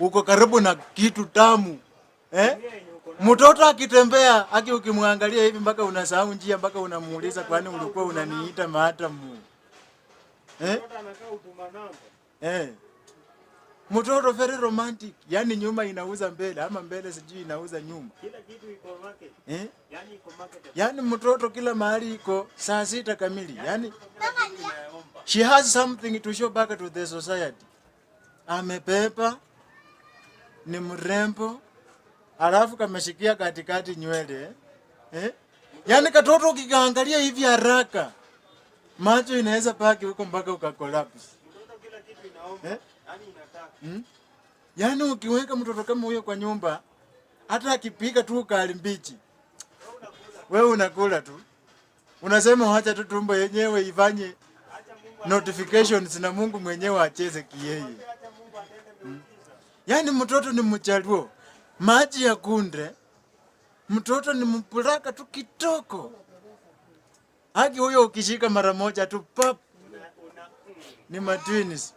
uko karibu na kitu tamu eh? Mtoto akitembea aki, ukimwangalia hivi mpaka unasahau njia, mpaka unamuuliza kwani ulikuwa unaniita maatamu eh? Eh. Mtoto very romantic, yani nyuma inauza mbele ama mbele sijui inauza nyuma. Kila kitu iko market. Eh? Yaani iko market. Yaani mtoto kila mahali iko saa sita kamili. yani yaani she has something to show back to the society. Amepepa ni mrembo, alafu kameshikia katikati nywele eh? Yani katoto ukikaangalia hivi haraka macho inaweza paki huko mpaka ukakolaps eh? hmm? Yani ukiweka mtoto kama huyo kwa nyumba, hata akipika tu ukali mbichi, wewe unakula tu, unasema wacha tu tumbo yenyewe ifanye notifications na Mungu mwenyewe acheze kiyeye. Hmm. Yaani mtoto ni mchaluo maji ya kunde, mtoto ni mpulaka tu kitoko. Haki huyo ukishika mara moja tu pap, ni matwinis.